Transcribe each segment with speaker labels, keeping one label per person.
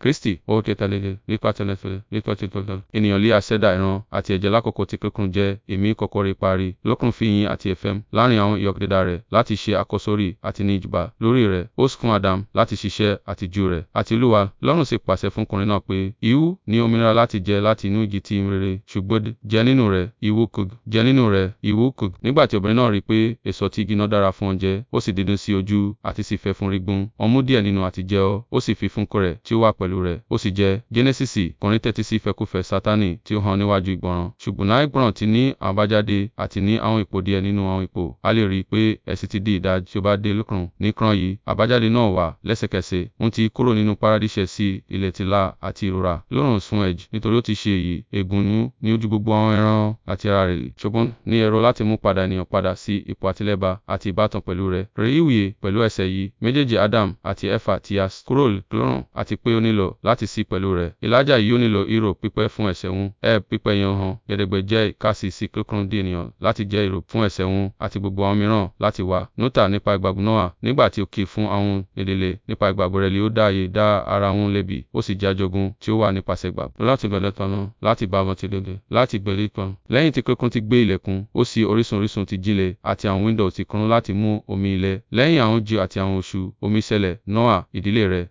Speaker 1: Kristi, ó kẹta léle, nípa tẹlẹfẹ, nípa e, tìtọ́tọ́. Ènìyàn lé aṣẹ̀dá ẹran àti ẹ̀jẹ̀ lákòókò tí kíkún jẹ́ ẹ̀mí kòkòrò ìparí. Lọ́kàn fi ìyìn àti ẹ̀fẹ̀ láàrin àwọn ìyọ̀kẹ̀dá rẹ̀ láti ṣe àkóso rí àti ní ìjìbá lórí rẹ̀. Ó sì fún Adam láti ṣiṣẹ́ àti jù rẹ̀ àti Olúwa. Ọlọ́run sì pàṣẹ fún ọkùnrin náà pé, “Ìwọ ní òmìnira láti jẹ láti inú igi ti ìyìnrere, ṣùgbọ́n jẹ nínú rẹ̀, ìwọ kò jẹ nínú rẹ̀, ìwọ kò.” Nígbà tí obìnrin náà rí pé èso ti igi náà dára fún oúnjẹ, ó sì dídùn sí ojú àti sì fẹ́ fún gígùn, ó mú díẹ̀ nínú àti jẹ ẹ́, ó sì fi fún ọkọ rẹ̀ tí ó wà pẹ̀lú pẹ̀lú rẹ̀, ó sì jẹ́ Jẹ́nẹ́sísì, kọrin tẹ́tí sí ìfẹ́kúfẹ̀ẹ́ Sátánì tí ó hàn níwájú ìgbọràn. Ṣùgbọ́n láìgbọràn ti ní àbájáde àti ní àwọn ipò díẹ̀ nínú àwọn ipò. A lè rí i pé ẹ̀sìn ti di idà tí ó bá dé lókun. Ní kran yìí, àbájáde náà wà lẹ́sẹ̀kẹsẹ̀. Ń ti kúrò nínú paradíṣẹ́ sí ilẹ̀ tìlà àti ìrora lórun sun ẹ̀jẹ̀ nítorí ó ti ṣe èyí. Ègún ní ojú gbogbo àwọn ẹran àti ara rẹ̀. Ṣùgbọ́n ní ẹ̀rọ láti mú padà ènìyàn padà sí ipò àtilẹ́ba àti ìbátan pẹ̀lú rẹ̀. Rí pẹ̀lú ẹsẹ̀ yìí, méjèèjì Adam àti Efa ti yà kúrò lọ́rùn àti pé ó nílò nílò láti sí pẹ̀lú rẹ̀. Ìlàjà yóò nílò ìró pípẹ́ fún ẹ̀ṣẹ̀ wọn. Ẹ pípẹ́ yẹn hàn. Gẹ̀dẹ̀gbẹ̀ jẹ́ ìkásí sí kíkún di ènìyàn láti jẹ́ ìró fún ẹ̀ṣẹ̀ wọn àti gbogbo àwọn mìíràn láti wà. Nótà nípa ìgbàgbọ́ Nóà nígbà tí ó kì í fún àwọn ìdílé nípa ìgbàgbọ́ rẹ̀ lé ó dá ààyè dá ara wọn lẹ́bi ó sì jẹ́ àjogún tí ó wà nípasẹ̀ ìgbàgbọ́. Láti bẹ̀rẹ̀ tán láti bá wọn ti lélẹ̀ láti gbẹ̀lẹ̀ tán. Lẹ́yìn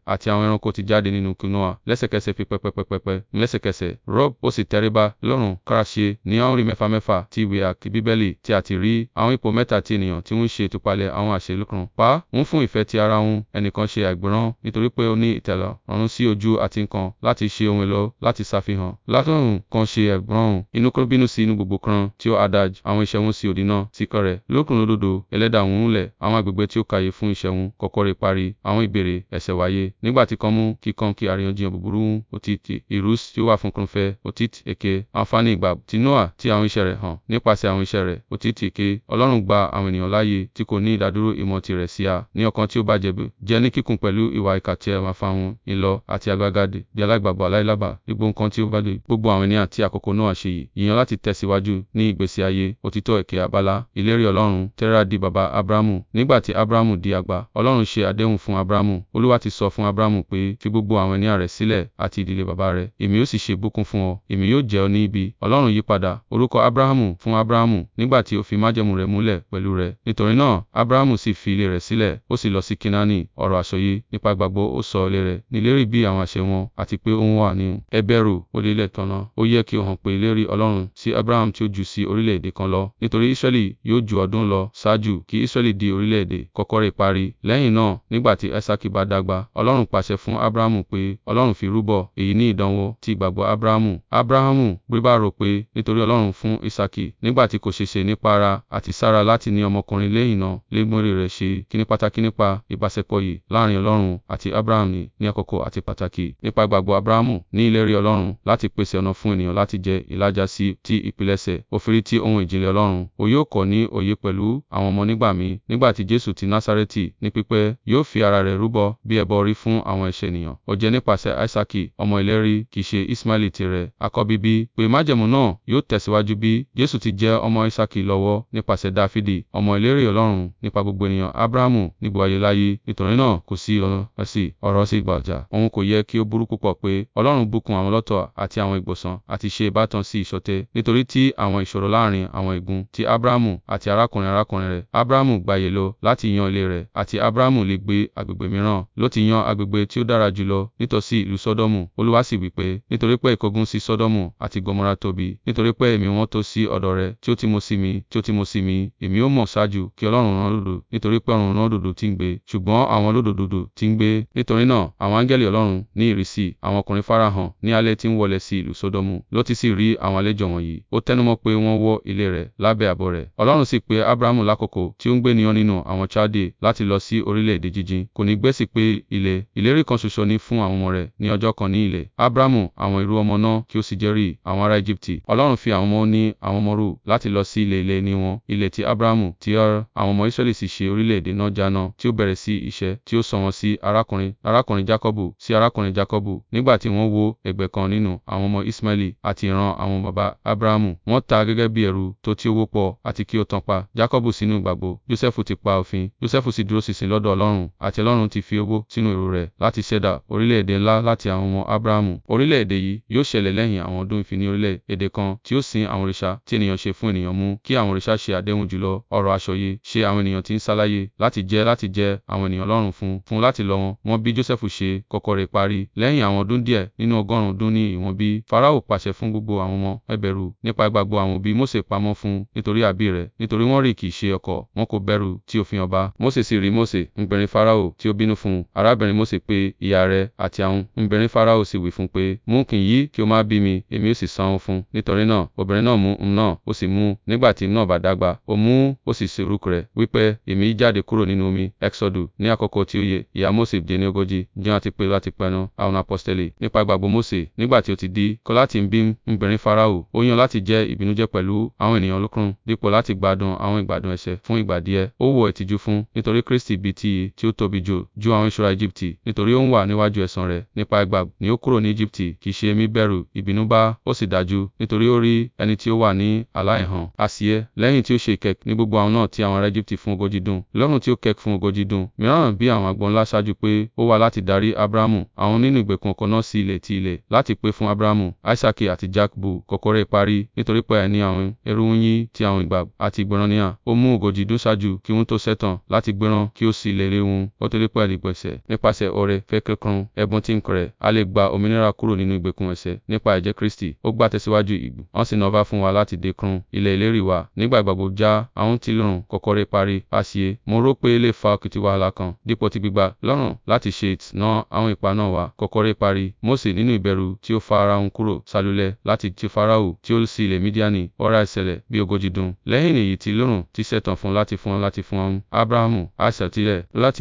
Speaker 1: àti àwọn ẹranko ti jáde nínú òkú náà lẹ́sẹ̀kẹsẹ̀ fi pẹpẹpẹpẹpẹ lẹ́sẹ̀kẹsẹ̀ rob ó sì tẹríba lọ́rùn kára ṣe ní àwọn orí mẹ́fà mẹ́fà ti ìwé àti bíbélì tí a ti rí àwọn ipò mẹ́ta ti ènìyàn tí wọ́n ṣe ìtúpalẹ̀ àwọn àṣẹlú kan pa wọ́n fún ìfẹ́ ti ara wọn ẹnìkan ṣe àìgbọràn nítorí pé ó ní ìtẹ̀lọ́ ọ̀run sí ojú àti nǹkan láti ṣe ohun èlò láti ṣàfihàn látọ̀run kan ṣe àìgbọràn inú kan bínú sí inú gbogbo kan tí ó adaj àwọn iṣẹ́ wọn sí òdì náà sí kọrẹ̀ lókùnrin lódodo ẹlẹ́dàá wọn lẹ̀ àwọn agbègbè tí ó kàyé fún iṣẹ́ wọn kọ̀kọ́ rẹ̀ parí àwọn ìbéèrè ẹ̀ṣẹ̀ wáyé nígbà tí kan mú kíkan àríyànjiyàn búburú, òtítì, ìrúsí tí ó wà fún kúnfẹ́, òtítì, èké, àǹfààní ìgbà tí Noah ti àwọn iṣẹ́ rẹ̀ hàn nípasẹ̀ àwọn iṣẹ́ rẹ̀, òtítì, èké, Ọlọ́run gba àwọn ènìyàn láàyè tí kò ní ìdádúró ìmọ̀ tirẹ̀ sí a, ní ọkàn tí ó bàjẹ́ jẹ́ ní kíkún pẹ̀lú ìwà ìkà tí ẹ máa fa hun, ìlọ, àti àgbàgàdì, di aláìgbàgbọ́ aláìlábà, ní gbogbo nǹkan tí ó bá dé, gbogbo àwọn ènìyàn àti àkókò Noah ṣe èyí, yíyan láti tẹ̀síwájú ní ìgbésí ayé, òtítọ́ èké abala, ìlérí Ọlọ́run, Tẹ́rà di baba Abrahamu, nígbà tí Abrahamu di àgbà, Ọlọ́run ṣe àdéhùn fún Abrahamu, Olúwa ti sọ fún Abrahamu pé, fi gbogbo àwọn ẹ̀yà rẹ̀ sílẹ̀ àti ìdílé baba rẹ̀, èmi yóò sì ṣe ìbùkún fún ọ, èmi yóò jẹ ọ́ ní ibi. Ọlọ́run yípadà orúkọ Abrahamu fún Abrahamu nígbà tí ó fi májẹ̀mú rẹ̀ múlẹ̀ pẹ̀lú rẹ̀. Nítorí náà, Abrahamu sì fi ilé rẹ̀ sílẹ̀, ó sì lọ sí Kenaani. Ọ̀rọ̀ àsọyé nípa ìgbàgbọ́ ó sọ ilé rẹ̀ ní ìlérí bí àwọn àṣẹ wọn àti pé ó ń wà ní ẹbẹ̀rù olílẹ̀ tọ̀nà. Ó yẹ kí ó hàn pé ìlérí Ọlọ́run sí Abraham tí ó jù sí orílẹ̀-èdè kan lọ, nítorí Israẹli yóò ju ọdún lọ ṣáájú kí Israẹli di orílẹ̀-èdè kọ́kọ́rẹ́ ìparí. Lẹ́yìn náà, nígbà tí Isaaki bá dàgbà, Ọlọ́run pàṣẹ fún Abrahamu pé pé Ọlọ́run fi rúbọ. Èyí ni ìdánwò ti ìgbàgbọ́ Abrahamu. Abrahamu rí bá rò pé nítorí Ọlọ́run fún Isaaki nígbà tí kò ṣe nípa ara àti Sara láti ní ọmọkùnrin lẹ́yìn náà lè gbórí rẹ̀ ṣe kíní pàtàkì nípa ìbáṣepọ̀ yìí láàárín Ọlọ́run àti Abrahamu ní àkọ́kọ́ àti pàtàkì nípa ìgbàgbọ́ Abrahamu ní ìlérí Ọlọ́run láti pèsè ọ̀nà fún ènìyàn láti jẹ ìlàjà sí ti ìpilẹ̀ṣẹ̀ òfìrí ti ohun ìjìnlẹ̀ Ọlọ́run. O yóò kọ́ ní òye pẹ̀lú àwọn ọmọ nígbà míì nígbà tí Jésù ti Násárẹ́tì ní pípẹ́ yóò fi ara rẹ̀ rúbọ bí ẹbọ orí fún àwọn ẹ̀ṣẹ̀ jẹ nípasẹ̀ Isaaki ọmọ ìlérí kì í ṣe Ismaili tirẹ̀. Àkọ́bí bí pé májẹ̀mú náà yóò tẹ̀síwájú bí Jésù ti jẹ́ ọmọ Isaaki lọ́wọ́ nípasẹ̀ Dáfídì ọmọ ìlérí Ọlọ́run nípa gbogbo ènìyàn Ábrahamu ní gbogbo ayé láyé nítorí náà kò sí ọ̀rọ̀ sí ọ̀rọ̀ sí gbàjà. Òun kò yẹ kí ó burú púpọ̀ pé Ọlọ́run bùkún àwọn lọ́tọ̀ àti àwọn ìgbọ̀nsán àti ṣe ìbátan sí ìṣọ̀tẹ̀ nítorí tí àwọn ìṣòro láàrin àwọn igun ti Ábrahamu àti arákùnrin arákùnrin rẹ̀. Ábrahamu gbayè lọ láti yan ilé rẹ̀ àti Ábrahamu lè gbé agbègbè mìíràn ló ti yan agbègbè tí ó dára jùlọ nítòsí ìlú Sọdọ́mù. Olúwa sì wí pé, nítorí pé ìkógun sí Sọdọ́mù àti Gomora tóbi, nítorí pé ẹ̀mí wọn tó sí ọ̀dọ̀ rẹ tí ó ti mo sí mi, tí ó ti mo sí mi, èmi ó mọ̀ ṣáájú kí Ọlọ́run rán olódodo, nítorí pé ọ̀run rán olódodo tí ń gbé, ṣùgbọ́n àwọn olódodo tí ń gbé. Nítorí náà, àwọn áńgẹ́lì Ọlọ́run ní ìrísí, àwọn ọkùnrin farahàn ní alẹ́ tí ń wọlé sí ìlú Sọdọ́mù. Lótì sì rí àwọn àlejò wọ̀nyí, ó tẹnumọ́ pé wọ́n wọ ilé rẹ̀ lábẹ́ àbọ̀ rẹ̀. Ọlọ́run sì pe Ábrahamu lákòókò tí ó ń gbé nìyàn nínú àwọn Chalde láti lọ sí orílẹ̀-èdè Kò ní gbé sí pé ilé, ìlérí kan ṣoṣo ni fún àwọn àwọn ọmọ rẹ̀ ní ọjọ́ kan ní ilẹ̀ Abrahamu àwọn irú ọmọ náà kí ó sì jẹ́rìí àwọn ará Ejibiti. Ọlọ́run fi àwọn ọmọ ní àwọn ọmọ rú láti lọ sí ilẹ̀ ilẹ̀ ìní wọn, ilẹ̀ tí Abrahamu ti Ar. Àwọn ọmọ Israẹli sì ṣe orílẹ̀-èdè náà jánà tí ó bẹ̀rẹ̀ sí iṣẹ́ tí ó sọ wọ́n sí arákùnrin, arákùnrin Jakọbu, sí arákùnrin Jakọbu. Nígbà tí wọ́n wo ẹgbẹ́ kan nínú àwọn ọmọ Ismaili àti ìran àwọn baba Abrahamu, wọ́n tà á gẹ́gẹ́ bí ẹrú tó ti owó pọ̀ àti kí ó tán pa Jakọbu sínú ìgbàgbọ́. Jósẹ́fù ti pa òfin, Jósẹ́fù sì dúró ṣinṣin lọ́dọ̀ Ọlọ́run, àti Ọlọ́run ti fi owó sínú èrò rẹ̀ láti ṣẹ̀dá orílẹ̀ orílẹ̀-èdè ńlá láti àwọn ọmọ Abrahamu. Orílẹ̀-èdè yìí yóò ṣẹlẹ̀ lẹ́yìn àwọn ọdún ìfini orílẹ̀-èdè kan tí ó sin àwọn òrìṣà tí ènìyàn ṣe fún ènìyàn mú kí àwọn òrìṣà ṣe àdéhùn jùlọ ọ̀rọ̀ àsọyé ṣe àwọn ènìyàn tí ń ṣàlàyé láti jẹ́ láti jẹ́ àwọn ènìyàn lọ́rùn fún fún láti lọ wọn. Wọ́n bí Jósẹ́fù ṣe kọ́kọ́ rẹ̀ parí lẹ́yìn àwọn ọdún díẹ̀ nínú ọgọ́rùn-ún ọdún ní ìwọ̀n bí Fáráò pàṣẹ fún gbogbo àwọn ọmọ ẹbẹ̀rù nípa ìgbàgbọ́ àwọn òbí Mósè pamọ́ fún nítorí àbí rẹ̀ nítorí wọ́n rì kì í ṣe ọkọ̀ wọn kò bẹ̀rù tí òfin ọba. Mósè sì rí Mósè ń gbẹ̀rín Fáráò tí ó bínú fún arábìnrin Mósè pé ìyá rẹ̀ àti àti àwọn obìnrin Farao sì wí fún pé, mú kìn yìí kí o máa bí mi, èmi ó sì san án fún. Nítorí náà, obìnrin náà mú un náà, ó sì mú un. Nígbà tí náà bá dàgbà, ó mú un, ó sì ṣe orúkọ rẹ̀, wípé, èmi jáde kúrò nínú omi. Exodus ní àkókò tí ó yẹ, ìyá Mose dé ní ogójì, jẹun àti pé láti pẹnu àwọn apọ́stẹ́lì. Nípa ìgbàgbọ́ Mose, nígbà tí ó ti di, kọ́ láti bí obìnrin Farao, ó yàn láti jẹ́ ìbìnújẹ́ pẹ̀lú àwọn ènìyàn olókùnrin, dípò láti gbádùn àwọn ìgbádùn ẹ̀ṣẹ̀ fún ìgbà díẹ̀. Ó wọ ìtìjú fún, nítorí Kristi bí ti tí ó tóbi jù, ju àwọn ìṣúra Ejibiti, nítorí ó ń wà níwájú ẹ̀san ìwòsàn rẹ̀ nípa ẹgbàá ni ó kúrò ní Ejibiti. Kì í ṣe èmi bẹ̀rù, ìbínú bá, ó sì dájú, nítorí ó rí ẹni tí ó wà ní aláìhàn. Àsìyẹ, lẹ́yìn tí ó ṣe ìkẹ́ ní gbogbo àwọn náà tí àwọn ará Ejibiti fún ogójì dún, lọ́rùn tí ó kẹ́ fún ogójì dún. Mìíràn bí àwọn àgbọn ńlá ṣáájú pé ó wá láti darí Abrahamu, àwọn nínú ìgbèkùn ọkọ̀ náà sí ilẹ̀ ti ilẹ̀ láti pé fún Abrahamu, Isaaki àti Jacobu kọ́kọ́rẹ́ ìparí, nítorí pé àìní àwọn ẹrú yín tí àwọn ìgbà àti ìgbọràn ni à. Ó mú ogójì dún ṣáájú kí wọ́n tó ṣetán láti gbéràn kí ó sì lérí wọn, ó torí pé àìlègbèsè ẹ̀bùn tí ń kọrẹ̀, a lè gba òmìnira kúrò nínú ìgbèkùn ẹ̀ṣẹ̀ nípa ẹ̀jẹ̀ Kristi. Ó gbà tẹ̀síwájú ìgbù, wọ́n sì náà bá fún wa láti dé kún ilẹ̀ ìlérí wa. Nígbà ìgbàgbọ́ já, àwọn tí lọ́rùn kọ̀kọ́rẹ́ parí, a ṣe. Mo rò pé lè fa òkìtì wàhálà kan, dípò ti gbígbà lọ́rùn láti ṣe ìtìná àwọn ipa wa. Kọ̀kọ́rẹ́ parí, Mósè nínú ìbẹ̀rù tí ó fara ara òun kúrò, sálúlẹ̀ láti ti Fáráò tí ó sì ilẹ̀ Mídíánì, ọ̀rá ìṣẹ̀lẹ̀ bí ogójì dùn. Lẹ́yìn èyí ti lọ́rùn ti ṣẹ̀tàn fún láti fún láti fún Ábrahamu, àṣà tilẹ̀ láti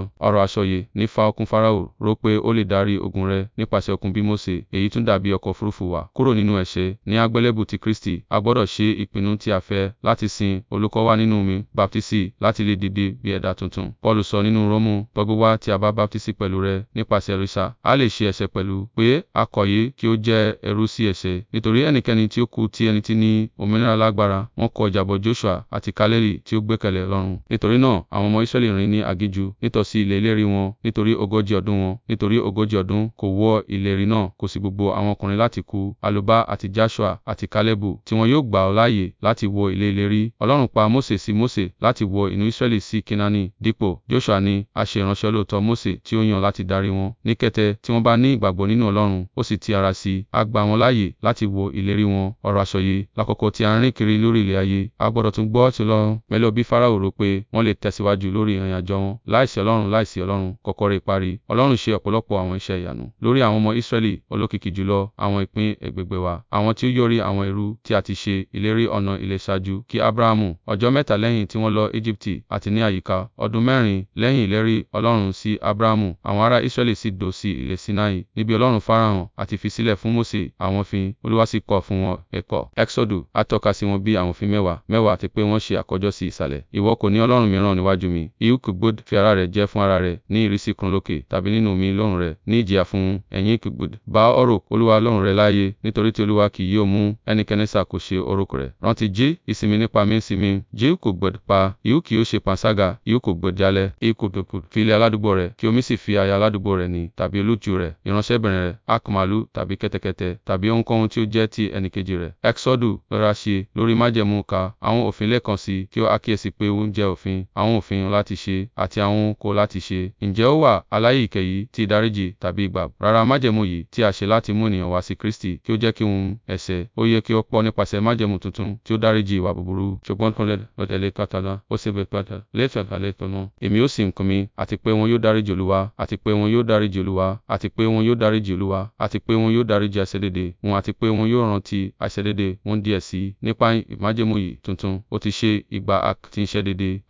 Speaker 1: kan. Ọ̀rọ̀ àsọyé ní fa okùn Fáráò, rò pé ó lè darí ogun rẹ̀ nípasẹ̀ okùn bí Mósè, èyí tún dàbí ọkọ̀ òfurufú wa. Kúrò nínú ẹ̀ṣẹ̀, ní àgbélébù ti Kristi, a gbọdọ̀ ṣe ìpinnu tí a fẹ́ láti sin olùkọ́ wa nínú mi baptisi, láti lè dìde bí ẹ̀dá tuntun. Paulu sọ nínú Rómù, gbogbo wa tí a bá baptisi pẹ̀lú rẹ̀ nípasẹ̀ rìsà, a lè ṣe ẹ̀ṣẹ̀ pẹ̀lú, pé a kọ̀yé kí ó jẹ́ ẹrú sí ẹ̀ṣẹ̀, nítorí ẹnikẹ́ni tí ó kú tí ẹni tí ní òmìnira lágbára, wọ́n kọ ìjábọ̀ Joṣua àti Kálẹ́lì tí ó gbẹ́kẹ̀lé Ọlọ́run. E nítorí náà, àwọn ọmọ sí ilé ìlérí wọn nítorí ogójì ọdún wọn, nítorí ogójì ọdún kò wọ ìlérí náà, kò sì gbogbo àwọn ọkùnrin láti kú, àlùbá àti Joṣua àti Kalebu tí wọn yóò gbà ọ́ láàyè láti wọ ilé ìlérí. Ọlọ́run pa Mose sí Mose láti wọ inú Israẹli sí Kenaani dípò Joṣua ni a ṣe ìránṣẹ́ olóòótọ́ Mose tí ó yàn láti darí wọn. Ní kété tí wọ́n bá ní ìgbàgbọ́ nínú Ọlọ́run, ó sì ti ara sí, a gbà wọn láàyè láti wọ ìlérí wọn. Ọ̀rọ̀ àsọyé lákòókò tí a ń rìn kiri lórí ilẹ̀ ayé, a gbọ́dọ̀ tún gbọ́ ti Ọlọ́run. Mélòó bí Farao rò pé wọ́n lè tẹ̀síwájú lórí ìrìnàjò wọn láìsí Ọlọ́run? Ọlọ́run láìsí Ọlọ́run. Kọ́kọ́rọ́ ìparí. Ọlọ́run ṣe ọ̀pọ̀lọpọ̀ àwọn iṣẹ́ ìyanu lórí àwọn ọmọ Israẹli, olókìkí jùlọ àwọn ìpín ẹ̀gbègbè wa, àwọn tí ó yọrí àwọn ẹrú tí a ti ṣe ìlérí ọ̀nà ilẹ̀ ṣáájú kí Abrahamu, ọjọ́ mẹ́ta lẹ́yìn tí wọ́n lọ Ejibiti àti ní àyíká ọdún mẹ́rin lẹ́yìn ìlérí Ọlọ́run sí Abrahamu, àwọn ará Israẹli sì dó sí ilẹ̀ Sinai, níbi Ọlọ́run farahàn àti fi sílẹ̀ fún Mose àwọn òfin, Olúwa sì kọ fún wọn ẹ̀kọ́. Exodus, a tọ́ka sí wọn bí àwọn òfin mẹ́wàá, mẹ́wàá àti pé wọ́n ṣe àkójọ sí ìsàlẹ̀. Ìwọ kò ní Ọlọ́run mìíràn níwájú mi. Ihuku gbọdọ̀ fi ara rẹ̀ jẹ́ rẹ fún ara rẹ ní ìrísí kan lókè tàbí nínú omi lọ́run rẹ ní ìjìyà fún ẹ̀yin kìgbòdì. Bá ọ̀rọ̀ Olúwa Ọlọ́run rẹ láàyè nítorí tí Olúwa kì yóò mú ẹnikẹ́ni ṣàkóso orúkọ rẹ̀. Rántí jí ìsinmi nípa mi sinmi, jí kò gbọdọ̀ pa, ìhú kì yóò ṣe panṣágà, ìhú kò gbọdọ̀ jalè, ìkò gbọdọ̀ fi aládùúgbò rẹ̀ kí omi sì fi aya aládùúgbò rẹ̀ ní tàbí olójú rẹ̀, ìránṣẹ́bìnrin rẹ̀, akọ̀màlú tàbí kẹ́tẹ́kẹ́tẹ́ tàbí ohunkóhun tí ó jẹ́ ti ẹnìkejì rẹ̀. Ẹ́xọ́dù rọra ṣe lórí májẹ̀mú ka àwọn òfin lẹ́ẹ̀kan sí kí ó àkíyèsí pé ó òfin, àwọn òfin láti ṣe àti àwọn kò láti ṣe. Ǹjẹ́ ó wà aláyè ìkẹyí ti ìdáríjì tàbí ìgbà? Rárá májẹ̀mú yìí tí a ṣe láti mú ènìyàn wá sí Kristi kí ó jẹ́ kí òun ẹ̀ṣẹ̀, ó yẹ kí ó pọ̀ nípasẹ̀ májẹ̀mú tuntun tí ó dáríjì ìwà búburú. Ṣùgbọ́n kúnlẹ̀ lọ́tẹ̀lé kátàlá, ó sì bẹ̀ pátá, lẹ́fẹ̀ẹ́ kálẹ̀ tọ́nà. Èmi ó sì ń kún àti pé wọn yóò dáríjì Olúwa, àti pé wọn yóò dáríjì Olúwa, àti pé wọn yóò dáríjì Olúwa, àti pé wọn yóò dáríjì àìṣedédé wọn àti pé wọn yóò rántí àìṣedédé wọn díẹ̀ sí i. Nípa ìmájẹ̀mú yìí tuntun, ó ti ṣe ìgbà àti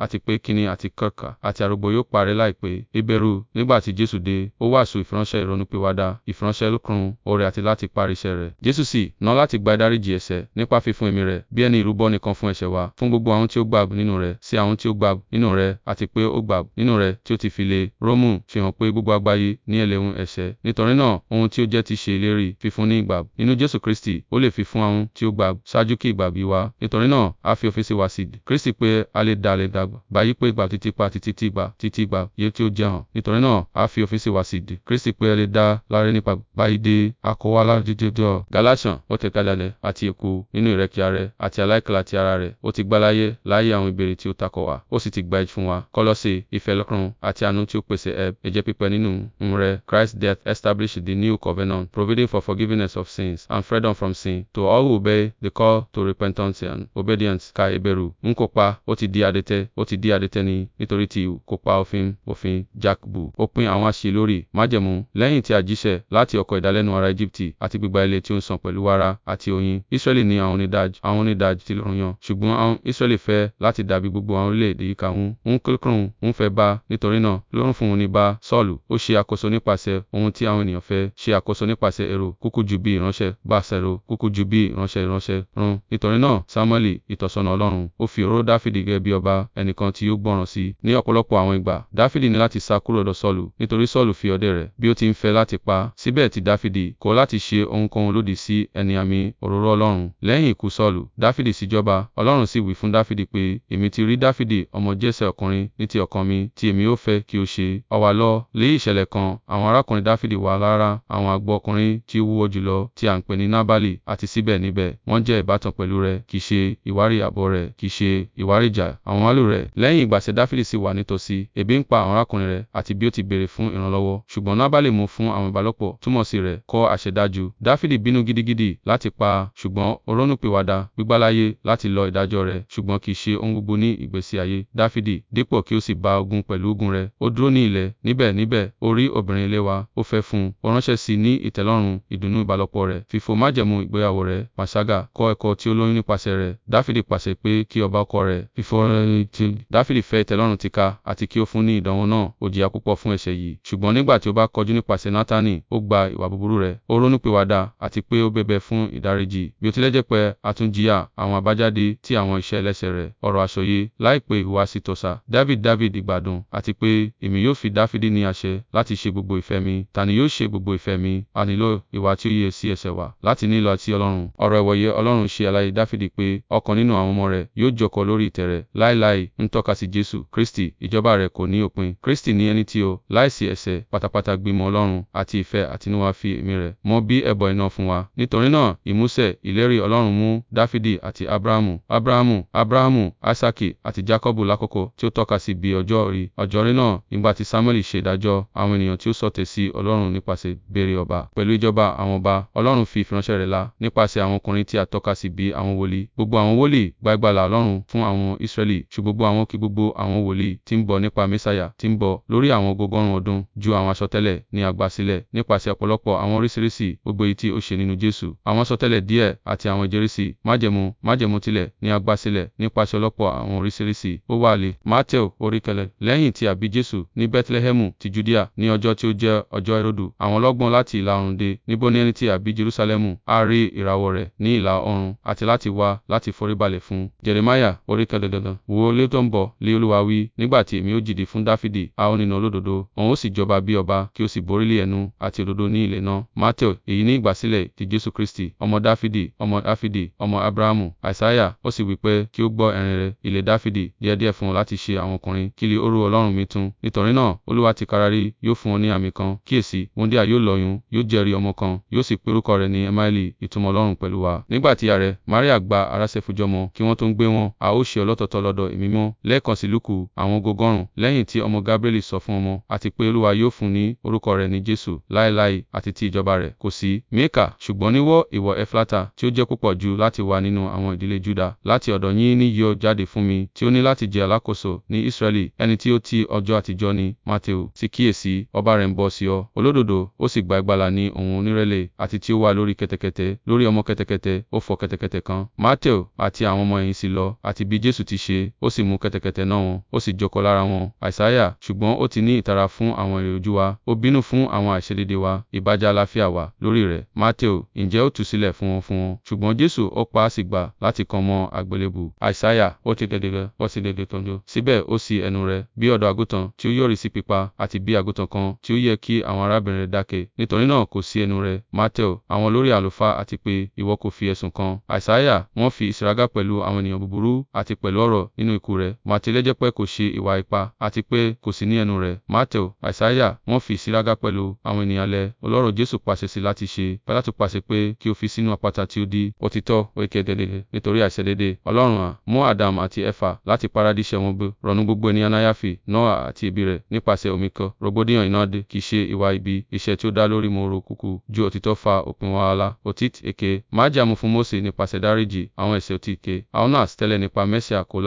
Speaker 1: àti pé kínní àti kọ̀ọ̀kan àti arúgbó yóò parẹ́ láìpẹ́. Hébérù, nígbà tí Jésù dé, ó wàásù ìfiránṣẹ́ ìrònúpìwàdà, ìfiránṣẹ́ lókun, oore àti láti parí iṣẹ́ rẹ̀. Jésù sì ná láti gba ìdáríjì ẹ̀ṣẹ̀ nípa fífún ẹ̀mí rẹ̀ bí ẹni ìrúbọ nìkan fún ẹ̀ṣẹ̀ wa, fún gbogbo àwọn tí ó gbàgbọ́ nínú rẹ̀, sí àwọn tí ó gbàgbọ́ nínú rẹ̀ àti pé ó gbàgbọ́ nínú rẹ̀ tí ó ti fi lé. Rómù fi hàn pé gbogbo àgbáyé ní ẹlẹ́hùn ẹ̀ṣẹ̀. Nítorí náà, ohun tí ó jẹ́ ti ṣe ìlérí fífún ní ìgbàgbọ́ nínú Jésù Kristi, ó lè fi fún àwọn tí ó gbàgbọ́ ṣáájú kí ìgbàgbọ́ yìí wá. Nítorí náà, a fi òfin sí wa sí. Kristi pé a lè dá a lè dàgbà, báyìí pé ìgbà títí pa títí tí ìgbà títí ìgbà iye tí ó jẹ hàn. Nítorí náà, a fi òfin sí wa sí di. Kristi pé ẹ lè dá láre nípa báyìí akọwà ládìjọjọ. Galatian, ó tẹ̀ kájàlẹ̀ àti èkó nínú ìrẹ́kíá rẹ̀ àti aláìkàlà ti ara rẹ̀. Ó ti gbá láyé láyé àwọn ìbéèrè tí ó takọ̀ wá. Ó sì ti gba ẹ̀jẹ̀ fún wa. Kọ́lọ́sì, ìfẹ́ lọ́kàn àti àánú tí ó pèsè ẹ̀ ẹ̀jẹ̀ pípẹ́ nínú ń rẹ̀. Christ's death established the new covenant, providing for forgiveness of sins and freedom from sin. To all who obey the call to repentance and obedience, ka ìbẹ̀rù, ń kópa, ó ti di adẹ́tẹ̀, ó ti di adẹ́tẹ̀ ni nítorí ti kópa òfin òfin, Jakobu, òpin àwọn àṣìlórí, májẹ̀mú, lẹ́yìn tí a jíṣẹ́ láti ọkọ̀ ìdálẹ́nu ará Ejibiti àti gbígba ilẹ̀ tí ó ń sàn pẹ̀lú wàrà àti oyin, Israẹli ni àwọn onídàájọ́, àwọn onídàájọ́ ti Ọlọ́run yàn. Ṣùgbọ́n àwọn Israẹli fẹ́ láti dàbí gbogbo àwọn orílẹ̀-èdè yíká wọn, òun kíkùn, òun fẹ́ bá, nítorí náà, Ọlọ́run fún un ní bá Sọ́ọ̀lù, ó ṣe àkóso nípasẹ̀ ohun tí àwọn ènìyàn fẹ́, ṣe àkóso nípasẹ̀ èrò, kúkú ju bí ìránṣẹ́, bá ṣẹ̀rọ, kúkú ju bí ìránṣẹ́ ìránṣẹ́, run. Nítorí náà, Samuẹli, ìtọ́sọ́nà Ọlọ́run, ó fi òróró Dafidi gẹ́gẹ́ bí ọba, Dáfídì ní láti sá kúrò lọ́dọ̀ Sọ́ọ̀lù, nítorí Sọ́ọ̀lù fi ọdẹ rẹ̀ bí ó ti ń fẹ́ láti pa á. Síbẹ̀ tí Dáfídì kọ̀ láti ṣe ohunkóhun lòdì sí ẹni àmì òróró Ọlọ́run. Lẹ́yìn ikú Sọ́ọ̀lù, Dáfídì sì jọba. Ọlọ́run sì wí fún Dáfídì pé, èmi ti rí Dáfídì ọmọ Jese ọkùnrin ní ti ọkàn mi, tí èmi ó fẹ́ kí ó ṣe. Ó wá lọ, lé ìṣẹ̀lẹ̀ kan, àwọn arákùnrin Dáfídì wá lára àwọn agbo ọkùnrin tí ó wúwo jùlọ tí à ń pè ní Nabali, àti síbẹ̀ níbẹ̀, wọ́n jẹ́ ìbátan pẹ̀lú rẹ̀, kì í ṣe ìwárí ààbò rẹ̀, kì í ṣe ìwárí ìjà àwọn màlúù rẹ̀. Lẹ́yìn ìgbà Dáfídì sì wà nítòsí, ebi ń nípa àwọn arákùnrin rẹ̀ àti bí ó ti béèrè fún ìrànlọ́wọ́. Ṣùgbọ́n Nabali mú fún àwọn ìbálòpọ̀ túmọ̀ sí rẹ̀ kọ́ àṣedájú. Dáfídì bínú gidigidi láti pa á, ṣùgbọ́n ó ronúpìwàdà gbígbáláyé láti lọ ìdájọ́ rẹ̀, ṣùgbọ́n kì í ṣe ohun gbogbo ní ìgbésí ayé. Dáfídì, dípò kí ó sì bá ogun pẹ̀lú ogun rẹ̀, ó dúró ní ilẹ̀, níbẹ̀ níbẹ̀, ó rí obìnrin ilé wa, ó fẹ́ fún un, ó ránṣẹ́ sí ní ìtẹ́lọ́rùn, ìdùnnú ìbálòpọ̀ rẹ̀, fífò májẹ̀mú ìgbéyàwó rẹ̀, panṣágà, kọ́ ẹ̀kọ́ tí ó lóyún nípasẹ̀ rẹ̀. Dáfídì pàṣẹ pé kí ọba ọkọ rẹ̀, fífò rẹ̀, Dáfídì fẹ́ ìtẹ́lọ́rùn tìka àti kí ó fún ní lẹ́yìn ìdánwò náà, ó jìyà púpọ̀ fún ẹ̀ṣẹ̀ yìí. Ṣùgbọ́n nígbà tí ó bá kọjú nípasẹ̀ Nátánì, ó gba ìwà búburú rẹ̀, ó ronúpìwàdà àti pé ó bẹ̀bẹ̀ fún ìdáríjì. Bí ó tilẹ̀ jẹ́ pé a àwọn àbájáde tí àwọn iṣẹ́ ẹlẹ́ṣẹ̀ rẹ̀, ọ̀rọ̀ àsọyé, láìpẹ́ ìhùwàsí tọ̀sà, David David ìgbàdùn, àti pé èmi yóò fi Dafidi ní àṣẹ láti ṣe gbogbo ìfẹ́ mi. Ta ni yóò ṣe gbogbo ìfẹ́ mi? A nílò ìwà tí ó yẹ sí ẹ̀ṣẹ̀ wa láti nílò àti Ọlọ́run. Ọ̀rọ̀ ìwòye Ọlọ́run ṣe àlàyé Dáfídì pé ọ̀kan nínú àwọn ọmọ rẹ̀ yóò jókòó lórí ìtẹ́ láéláé ń tọ́ka sí Jésù Kristi. Ìjọba rẹ̀ kò ní òpin. Kristi ni ẹni tí ó, láìsí ẹ̀ṣẹ̀, pátápátá gbìmọ̀ Ọlọ́run àti ìfẹ́ àtinúwá fi ẹ̀mí rẹ̀ mọ bí ẹbọ iná fún wa. Nítorí náà, ìmúṣẹ ìlérí Ọlọ́run mú Dafidi àti Abrahamu, Abrahamu, Abrahamu, Isaki àti Jakọbu lákòókò tí ó tọ́ka sí bí ọjọ́ orí. Ọjọ́ orí náà, nígbà tí Samuel ṣe ìdájọ́ àwọn ènìyàn tí ó sọ̀tẹ̀ sí Ọlọ́run nípasẹ̀ béèrè ọba. Pẹ̀lú ìjọba àwọn ọba, Ọlọ́run fi ìfiránṣẹ́ rẹ̀ là nípasẹ̀ àwọn ọkùnrin tí a tọ́ka sí bí àwọn wòlíì. Gbogbo àwọn wòlíì gba ìgbàlà Ọlọ́run fún àwọn Israẹli, ṣùgbọ́n gbogbo àwọn kí gbogbo àwọn wòlíì tí ń bọ̀ nípa Messiah ìpayà tí ń bọ̀ lórí àwọn ọgọgọ́rùn ọdún ju àwọn àsọtẹ́lẹ̀ ní àgbà sílẹ̀ nípasẹ̀ ọ̀pọ̀lọpọ̀ àwọn oríṣiríṣi gbogbo èyí tí ó ṣe nínú Jésù. Àwọn àsọtẹ́lẹ̀ díẹ̀ àti àwọn ìjẹ́rìísí májẹ̀mú májẹ̀mú tilẹ̀ ní àgbà sílẹ̀ nípasẹ̀ ọ̀pọ̀lọpọ̀ àwọn oríṣiríṣi. Ó wà lé Mátẹ́ò oríkẹlẹ̀. Lẹ́yìn tí a Jésù ní Bẹ́tílẹ́hẹ́mù ti Judea ní ọjọ́ tí ó jẹ́ ọjọ́ Herodu, àwọn ọlọ́gbọ́n láti ìlà oòrùn dé, níbo ni ẹni tí a bí Jerúsálẹ́mù á rí ìràwọ̀ rẹ̀ ní ìlà oòrùn àti láti wá láti foríbalẹ̀ fún. Jeremiah oríkẹlẹ̀ dandan. Wo ilé ń bọ̀, lé Olúwa wí, nígbà tí èmi ó dìde fún Dáfídì, a ó nínú olódodo, òun ó sì jọba bí ọba, kí ó sì borílé ẹnu àti òdodo ní ilẹ̀ náà. Matthew, èyí ni ìgbàsílẹ̀ ti Jésù Kristi, ọmọ Dáfídì, ọmọ Dáfídì, ọmọ Abrahamu. Isaiah, ó sì wí pé, kí ó gbọ́ ẹ̀rín rẹ̀, ilé Dáfídì, díẹ̀díẹ̀ fún ọ láti ṣe àwọn ọkùnrin, kí lè oró Ọlọ́run mi tún. Nítorí náà, Olúwa tìkára-rí yóò fún ọ ní àmì kan, kíyèsi, wúńdíá yóò lọ́yún, yóò jẹ́rìí ọmọ kan, yóò sì pe orúkọ rẹ̀ ní Emaili, ìtumọ̀ Ọlọ́run pẹ̀lú wa. Nígbà tí ìyá Maria gba aráṣẹ́ fún kí wọ́n tó ń gbé wọn, a ó ṣe ọ lọ́dọ̀ Ẹ̀mí Lẹ́ẹ̀kan sí Lúùkù, àwọn ogógọ́rùn-ún, lẹ́yìn tí tí ọmọ Gabrieli sọ fún ọmọ, àti pé Olúwa yóò fún ní orúkọ rẹ̀ ní Jesu láéláé àti ti ìjọba rẹ̀ kò sí. Míkà, ṣùgbọ́n níwọ̀ ìwọ Eflata tí ó jẹ́ púpọ̀ jù láti wà nínú àwọn ìdílé Juda, láti ọ̀dọ̀ yín ni yóò jáde fún mi tí ó ní láti jẹ alákòóso ní Israẹli, ẹni tí ó ti ọjọ́ àtijọ́ ni Mateu ti kíyèsí, ọba rẹ̀ ń bọ̀ sí ọ, olódodo, ó sì gba ìgbàlà ní ohun onírẹ̀lẹ̀ àti tí ó wà lórí kẹ̀tẹ̀kẹ̀tẹ̀, lórí ọmọ kẹ̀tẹ̀kẹ̀tẹ̀, ó fọ́ kẹ̀tẹ̀kẹ̀tẹ̀ kan. Mateu àti àwọn ọmọ ẹ̀yìn sì lọ, àti bí Jesu ti ṣe, ó sì mú kẹ̀tẹ̀kẹ̀tẹ̀ náà wọn, ó sì jókòó lára wọn, àìsà Messiah, ṣùgbọ́n ó ti ní ìtara fún àwọn ìròjú wa, ó bínú fún àwọn àìṣedéédé wa, ìbàjẹ́ àlàáfíà wa lórí rẹ̀. Mateo, ǹjẹ́ ó tú sílẹ̀ fún wọn fún wọn? Ṣùgbọ́n Jesu ó pa á sì gbà láti kan mọ́ àgbélébùú. Isaiah, ó ti dẹ̀dẹ̀rẹ̀, ó sì dẹ̀dẹ̀ tọ́jú. Síbẹ̀ ó ṣí ẹnu rẹ̀ bí ọ̀dọ́ àgùntàn tí ó yọrí sí pípa àti bí àgùntàn kan tí ó yẹ kí àwọn arábìnrin rẹ̀ dákẹ́. Nítorí náà kò sí ẹnu rẹ̀. Mateo, àwọn olórí àlùfáà àti pé ìwọ kò fi ẹ̀sùn kan. Isaiah, wọ́n fi ìṣèrágá pẹ̀lú àwọn ènìyàn búburú àti pẹ̀lú ọ̀rọ̀ nínú ikú rẹ̀. Mateo jẹ́ pé kò ṣe ìwà ipá àti pé pé kò sí ní ẹnu rẹ̀. Mateo, Isaiah, wọ́n fi ìsírágá pẹ̀lú àwọn ènìyàn lẹ̀. Ọlọ́rọ̀ Jésù pàṣẹ sí láti ṣe. Pílátù pàṣẹ pé kí o fi sínú àpáta tí ó di òtítọ́ òkèdèdè e nítorí àìṣedédé. Ọlọ́run à, mú Ádámù àti Éfà láti paradíṣẹ́ wọn gbé. Rònú gbogbo ènìyàn Náyàfì, Nọ́à àti ẹbí rẹ̀ nípasẹ̀ omi kan. Rògbòdìyàn iná dé. Kì í ṣe ìwà ibi, iṣẹ́ tí ó dá lórí mòró kúkú. Ju òtítọ́ fa òpin wàhálà. Òtít èké. Májàmú fún Mósè nípasẹ̀ dáríjì àwọn ẹ̀ṣẹ̀ òtí èké. Àwọn náà tẹ́lẹ̀ nípa Mẹ́síà kò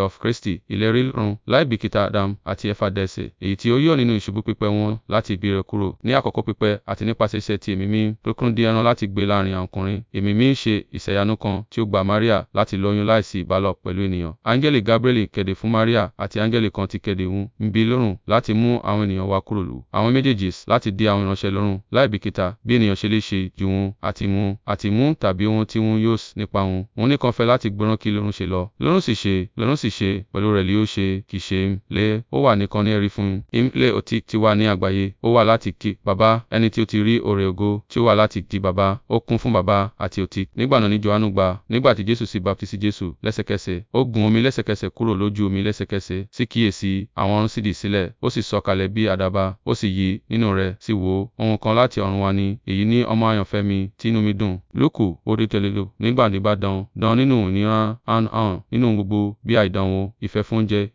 Speaker 1: of Kristi. Ìlérí run aláìbìkítà Adam àti ẹ̀fà dẹ̀sẹ̀, èyí tí ó yọ nínú ìṣubú pípẹ́ wọn láti ìbí rẹ̀ kúrò ní àkókò pípẹ́ àti nípasẹ̀ iṣẹ́ ti ẹ̀mí mi tó kún di ẹran láti gbé láàrin àwọn ọkùnrin. Ẹ̀mí mi ṣe ìṣẹ̀yanu kan tí ó gba Maria láti lóyún láìsí ìbálò pẹ̀lú ènìyàn. Áńgẹ́lì Gabrieli kéde fún Maria àti áńgẹ́lì kan ti kéde ń bí lọ́rùn láti mú àwọn ènìyàn wá kúrò lù. Àwọn méjèèjì láti di àwọn ìránṣẹ́ lọ́rùn láìbìkítà bí ènìyàn ṣe lè ṣe ju wọn àti wọn àti wọn tàbí ohun tí wọn yóò nípa wọn. Wọn nìkan fẹ́ láti gbọ́ràn kí lọ́rùn ṣe lọ. Lọ́rùn sì ṣe, lọ́rùn sì ṣe, pẹ̀lú rẹ̀ lè ó ṣe, kì í ṣe. Imlay, ó wà nìkan ní ẹ̀rí fún. Imlay ó ti, ti wà ní àgbáyé. Ó wá láti ti Baba, ẹni tí ó ti rí oore ògo tí ó wá láti ti Baba. Ó kún fún Baba àti òtítọ́. Nígbà náà ni Johanu gbà. Nígbà tí Jésù sì baptisi Jésù lẹ́sẹ̀kẹsẹ̀, ó gun omi lẹ́sẹ̀kẹsẹ̀ kúrò lójú omi lẹ́sẹ̀kẹsẹ̀. Sí kíyèsí, àwọn ọ̀run sì dì sílẹ̀. Ó sì sọ̀kalẹ̀ bí àdàbà. Ó sì yí nínú rẹ̀, sì wò, ohùn kan láti ọ̀run wá ni. Èyí ni ọmọ àyànfẹ́ mi tí inú mi dùn. Lúùkù, ó dé tẹ̀lélo. Nígbà ní dán, dán nínú ìníran, hàn hàn nínú gbogbo bí àìdánwò, ìfẹ́ fún oúnjẹ,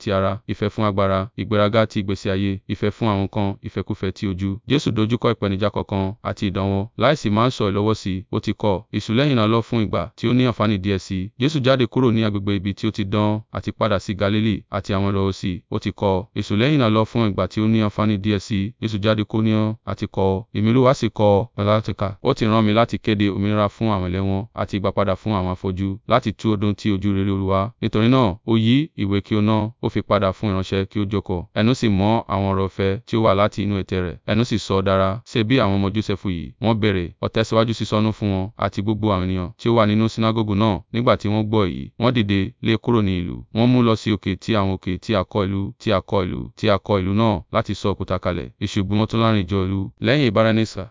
Speaker 1: ti ara, ìfẹ́ fún agbára, ìgbéraga ti ìgbésí ayé, ìfẹ́ fún àwọn nǹkan, ìfẹ́kúfẹ̀ẹ́ ti ojú. Jesu dojúkọ ìpèníjà kọ̀ọ̀kan àti ìdánwò, láìsí máa ń sọ ìlọ́wọ́ sí i, ó ti kọ̀, èṣù lẹ́yìn lọ fún ìgbà tí ó ní àǹfààní díẹ̀ sí i. Jesu jáde kúrò ní agbègbè ibi tí ó ti dán àti padà sí Galili àti àwọn ìlọ́wọ́ sí i, ó ti kọ̀, èṣù lẹ́yìn lọ fún ìgbà tí ó ní àǹfààní díẹ̀ sí i. Jesu jáde kúrò ní àti kọ̀, èmi Olúwa sì kọ̀ Galatika, ó ti rán mi láti kéde òmìnira fún àwọn ẹlẹ́wọ̀n àti ìgbàpadà fún àwọn afọ́jú, fi padà fún ìránṣẹ́ kí ó jókòó. Ẹnu sì mọ̀ àwọn ọ̀rọ̀ ọ̀fẹ́ tí ó wá láti inú ètè rẹ̀. Ẹnu sì sọ dára, ṣe bí àwọn ọmọ Jósẹ́fù yìí. Wọ́n bèrè, ó sísọnú fún wọn àti gbogbo àwọn ènìyàn tí ó wà nínú sínágógù náà. Nígbà tí wọ́n gbọ́ èyí, wọ́n dìde lé e kúrò ní ìlú. Wọ́n mú lọ sí òkè tí àwọn òkè tí a ìlú, tí a ìlú, tí a ìlú náà láti sọ òkúta kalẹ̀. Ìṣubú wọn láàrin ìjọ ìlú. Lẹ́yìn ìbáraẹnisà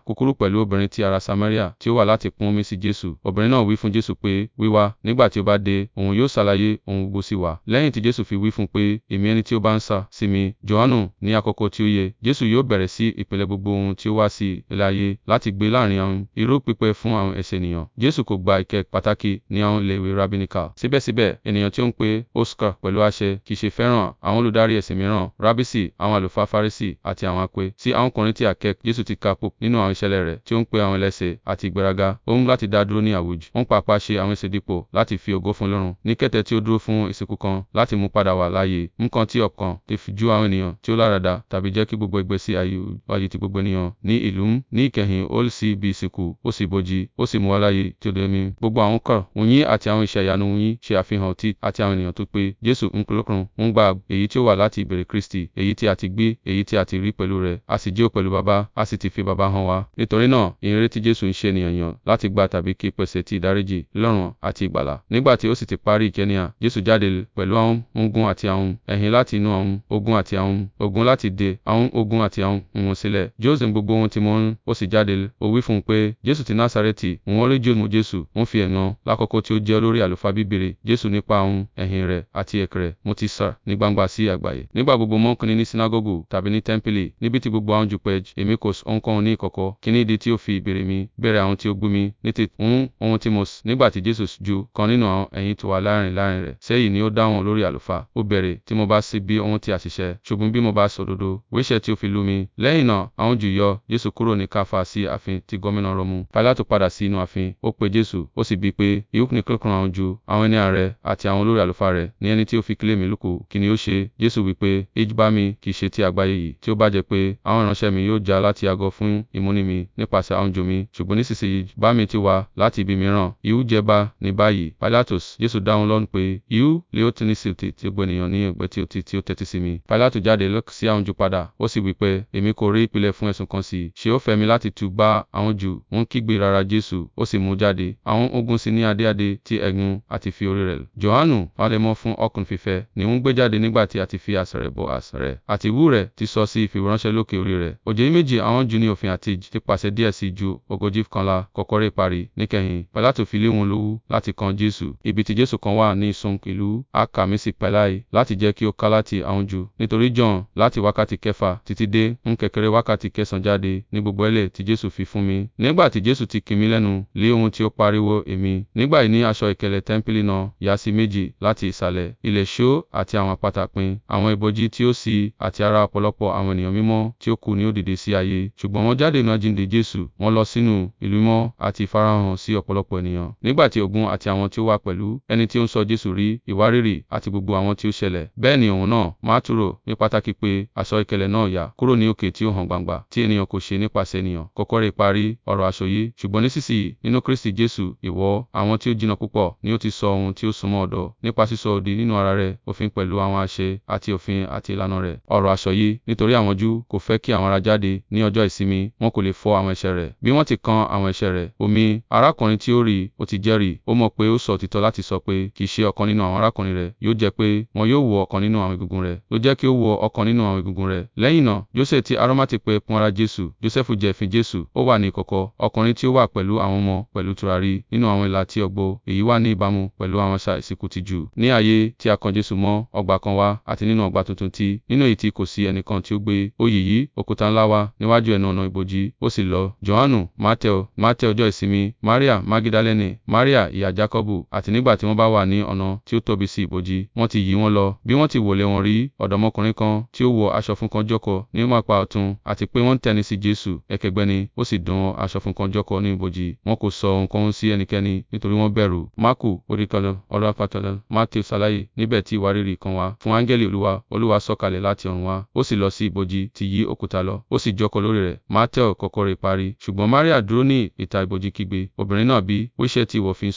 Speaker 1: èmi ẹni tí ó bá ń sá sí mi, Johanu, ní àkókò tí ó yẹ, Jesu yóò bẹ̀rẹ̀ sí ìpìlẹ̀ gbogbo ohun tí ó wá sí ilẹ̀ ayé láti gbé láàrín àwọn irú pípẹ́ fún àwọn ẹ̀ṣẹ̀ ènìyàn. Jesu kò gba ìkẹ́ pàtàkì ní àwọn ilé ìwé rabbinical. Síbẹ̀síbẹ̀, ènìyàn tí ó ń pe Oscar pẹ̀lú àṣẹ kì í ṣe fẹ́ràn àwọn olùdarí ẹ̀sìn mìíràn, Rábísì, àwọn àlùfáà Fárísì àti àwọn apẹ. Sí àwọn ọkùnrin tí a kẹ́ Jesu ti ka pọ̀ nínú àwọn ìṣẹ̀lẹ̀ rẹ̀ tí ó ń pe àwọn ẹlẹ́ṣẹ̀ àti ìgbéraga, ó láti dá dúró ní àwùjọ. Ó ń ṣe àwọn ẹ̀ṣẹ̀ dípò láti fi ògo fún Ọlọ́run. Ní kété tí ó dúró fún ìsìnkú kan láti mú padà wá láàyè nǹkan tí ọkàn lè fi ju àwọn ènìyàn tí ó láradá tàbí jẹ́ kí gbogbo ìgbésí ayé wáyé ti gbogbo ènìyàn ní ìlú ní ìkẹyìn ó sì bí ìsìnkú ó sì bójì ó sì mú wá láyé tí ó lẹ́mí. Gbogbo àwọn nǹkan wọ̀nyí àti àwọn iṣẹ́ ìyanu wọ̀nyí ṣe àfihàn ti àti àwọn ènìyàn tó pé Jésù ń kúlókùn ń gba èyí tí ó wà láti ìbẹ̀rẹ̀ Kristi èyí tí a ti gbé èyí tí a ti rí pẹ̀lú rẹ̀ a sì jẹ́ ó pẹ̀lú Baba a sì ti fi Baba hàn wá. Nítorí náà ìyìnrere tí Jésù ń ṣe ènìyàn yàn láti gba tàbí kí pèsè ti ìdáríjì lọ́rùn àti ìgbàlà. Nígbà tí ó sì ti parí ìkẹ́nià Jésù jáde pẹ̀lú àwọn ogun àti àwọn ahun, ẹ̀hìn láti inú ahun, ogun àti ahun, ogun láti de, ahun, ogun àti ahun, òun sílẹ̀. Jose ń gbogbo ohun tí mo ń, ó sì jáde, ó wí fún un pé, Jesu ti Nasareti, òun rí Jose mú Jesu, ń fi ẹ̀gàn, lákòókò tí ó jẹ́ olórí àlùfáà bíbèrè, Jesu nípa ahun, ẹ̀hìn rẹ̀ àti ẹ̀kẹ́ rẹ̀, mo ti sà ní gbangba sí àgbáyé. Nígbà gbogbo mọ́ kínní ní sinagogu tàbí ní tẹ́ḿpìlì, níbi tí gbogbo ahun jùpẹ́j, èmi kò sọ ní ìkọ̀kọ̀, kí ìdí tí ó fi ìbéèrè mi, bẹ̀rẹ̀ àwọn tí ó bú mi, ní ti hun ohun tí mo sì. Nígbà tí Jesu ju kan nínú àwọn ẹ̀yin tó wà láàrín láàrín rẹ̀, sẹ́yìn ni ó dáhùn olórí àlùfáà, ó bẹ̀rẹ̀, tí mo bá sì bí ohun tí a ṣiṣẹ́, ṣùgbọ́n bí mo bá sọ òdodo, wíṣẹ́ tí ó fi lù mí. Lẹ́yìn náà, àwọn Júù yọ Jesu kúrò ní Káfà sí ààfin ti gómìnà Romu. Pilatu padà sí inú ààfin, ó pe Jesu, ó sì bíi pé, ìhùkù ní kíkùn àwọn Júù, àwọn ẹni àárẹ̀ àti àwọn olórí àlùfáà rẹ̀ ní ẹni tí ó fi kílè mí lùkù, kí ni ó ṣe? Jesu wí pé, ìjì bá mi kì í ṣe ti àgbáyé yìí, tí ó bá jẹ́ pé àwọn ìránṣẹ́ mi yóò jà láti yàgò fún ìmúni mi nípasẹ̀ àwọn Júù mi, ṣùgbọ́n nísinsìnyí ìjì-bá mi ti wá láti ibi mìíràn, ìhù jẹ ní báyìí. Pilatus, Jesu dáhùn lọ́hùn pé, ìhù lè ó ti ní sí ní ẹ̀gbẹ́ tí ó ti tí ó tẹ́tí sí mi. Pilatu jáde lọ sí àwọn Júù padà, ó sì wí pé, èmi kò rí ìpìlẹ̀ fún ẹ̀sùn kan sí i. Ṣé ó fẹ́ mi láti tú bá àwọn Júù? Wọ́n kígbe rara Jésù, ó sì mú jáde. Àwọn ogun sì ní adéadé ti ẹ̀gún àti fi orí rẹ̀. Jòhánù, alẹ́mọ́ fún ọkùnrin fífẹ́, ni wọ́n gbé jáde nígbà tí a ti fi àṣà rẹ̀ bọ àṣà rẹ̀, àti ìwú rẹ̀ ti sọ sí ìfìwéránṣẹ́ lókè orí rẹ̀. Òjòyí méjì àwọn Júù ní òfin àti ti pàṣẹ díẹ̀ sí ju ogójì kanla kọ̀kọ́rẹ́ ìparí. Níkẹyìn, Pilatu fi lé wọn lówú láti kan Jésù. Ibi tí Jésù kan wà ní ìsun ìlú, a kà mí sí Pẹlai, láti láti jẹ́ kí ó ká láti ahun jù. Nítorí John láti wákàtí kẹfà títí dé ń kékeré wákàtí kẹsàn jáde ní gbogbo ẹlẹ̀ tí Jésù fi fún mi. Nígbà tí Jésù ti kì mí lẹ́nu, lé ohun tí ó pariwo èmi. Nígbà yìí ní aṣọ ìkẹlẹ̀ tẹ́ḿpìlì náà yà sí méjì láti ìsàlẹ̀, ilẹ̀ ṣó àti àwọn àpáta pín. Àwọn ibojì tí ó sì àti ara ọ̀pọ̀lọpọ̀ àwọn ènìyàn mímọ́ tí ó kù ni ó dìde sí ayé. Ṣùgbọ́n wọ́n jáde nínú àjíǹde Jésù, wọ́n lọ sínú ìlú mọ́ àti ìfarahàn sí ọ̀pọ̀lọpọ̀ ènìyàn. Nígbà tí ogun àti àwọn tí ó wà pẹ̀lú ẹni tí ó ń sọ Jésù rí, ìwárìrì àti gbogbo àwọn tí ó ṣẹlẹ̀ rẹ̀. Bẹ́ẹ̀ ni òun náà máa túró ní pàtàkì pé aṣọ ìkélé náà yà kúrò ní òkè tí ó hàn gbangba tí ènìyàn kò ṣe nípasẹ̀ ènìyàn. Kọ́kọ́rọ́ ìparí ọ̀rọ̀ aṣọ yìí. Ṣùgbọ́n nísinsìnyí nínú Kristi Jesu, ìwọ, àwọn tí ó jìnnà púpọ̀ ni ó ti sọ ohun tí ó súnmọ́ ọ̀dọ̀ nípa sísọ òdì nínú ara rẹ̀, òfin pẹ̀lú àwọn àṣẹ àti òfin àti ìlànà rẹ̀. Ọ̀rọ̀ aṣọ yìí nítorí àwọn Júù kò fẹ́ kí àwọn ará jáde ní ọjọ́ ìsinmi, wọn kò lè fọ àwọn ẹ̀ṣẹ̀ rẹ̀. Bí wọ́n ti kan àwọn ẹ̀ṣẹ̀ rẹ̀, omi, arákùnrin tí ó rí i, ti jẹ́rìí, ó mọ̀ pé ó sọ òtítọ́ láti sọ pé kì í ṣe ọ̀kan nínú àwọn arákùnrin rẹ̀, yóò jẹ́ pé wọn yóò wò wọ ọ̀kan nínú àwọn egungun rẹ̀. Ó jẹ́ kí ó wọ ọ̀kan nínú àwọn egungun rẹ̀. Lẹ́yìn náà, Jose ti Aromati pe ẹkùn ara Jesu. Joseph jẹ́ ẹ̀fín Jesu. Ó wà ní ìkọ̀kọ̀. Ọkùnrin tí ó wà pẹ̀lú àwọn ọmọ pẹ̀lú tùràrí nínú àwọn ìlà ti ọ̀gbọ̀. Èyí wà ní ìbámu pẹ̀lú àwọn àṣà ìsìnkú ti Júù. Ní ayé tí a kan Jesu mọ́ ọgbà kan wá àti nínú ọgbà tuntun ti, nínú èyí tí kò sí ẹnìkan tí ó gbé oyè yìí, òkúta ńlá wá níwájú ẹnu ọ̀nà ibojì, ó sì lọ. Johanu, Mateo, Mateo ọjọ́ ìsinmi, Maria Magidalene, Maria ìyá Jakọbu, àti nígbà tí wọ́n bá wà ní ọ̀nà tí ó tóbi sí ibojì, wọ́n ti yí wọn lọ bí wọ́n ti wòlé wọn rí ọ̀dọ́mọkùnrin kan tí ó wọ aṣọ funfun jọkọ ní apá ọ̀tún àti pé wọ́n ń tẹni sí Jésù ẹ̀kẹgbẹ́ni ó sì dán aṣọ funfun jọkọ ní ibojì wọn kò sọ ohunkóhun sí ẹnikẹ́ni nítorí wọ́n bẹ̀rù. Máàkù oríkanlẹ̀ ọ̀rọ̀ apátọ́lẹ̀ Matthew ṣàlàyé níbẹ̀ tí ìwárìrì kan wá fún áńgẹ́lì Olúwa Olúwa sọ̀kalẹ̀ láti ọ̀run wá ó sì lọ sí ibojì ti yí òkúta lọ ó sì jókòó lórí rẹ̀ Matthew kọ́kọ́ rẹ̀ parí ṣùgbọ́n Maria dúró ní ìta ibojì kígbe obìnrin náà bí ó ti wọ̀ fi ń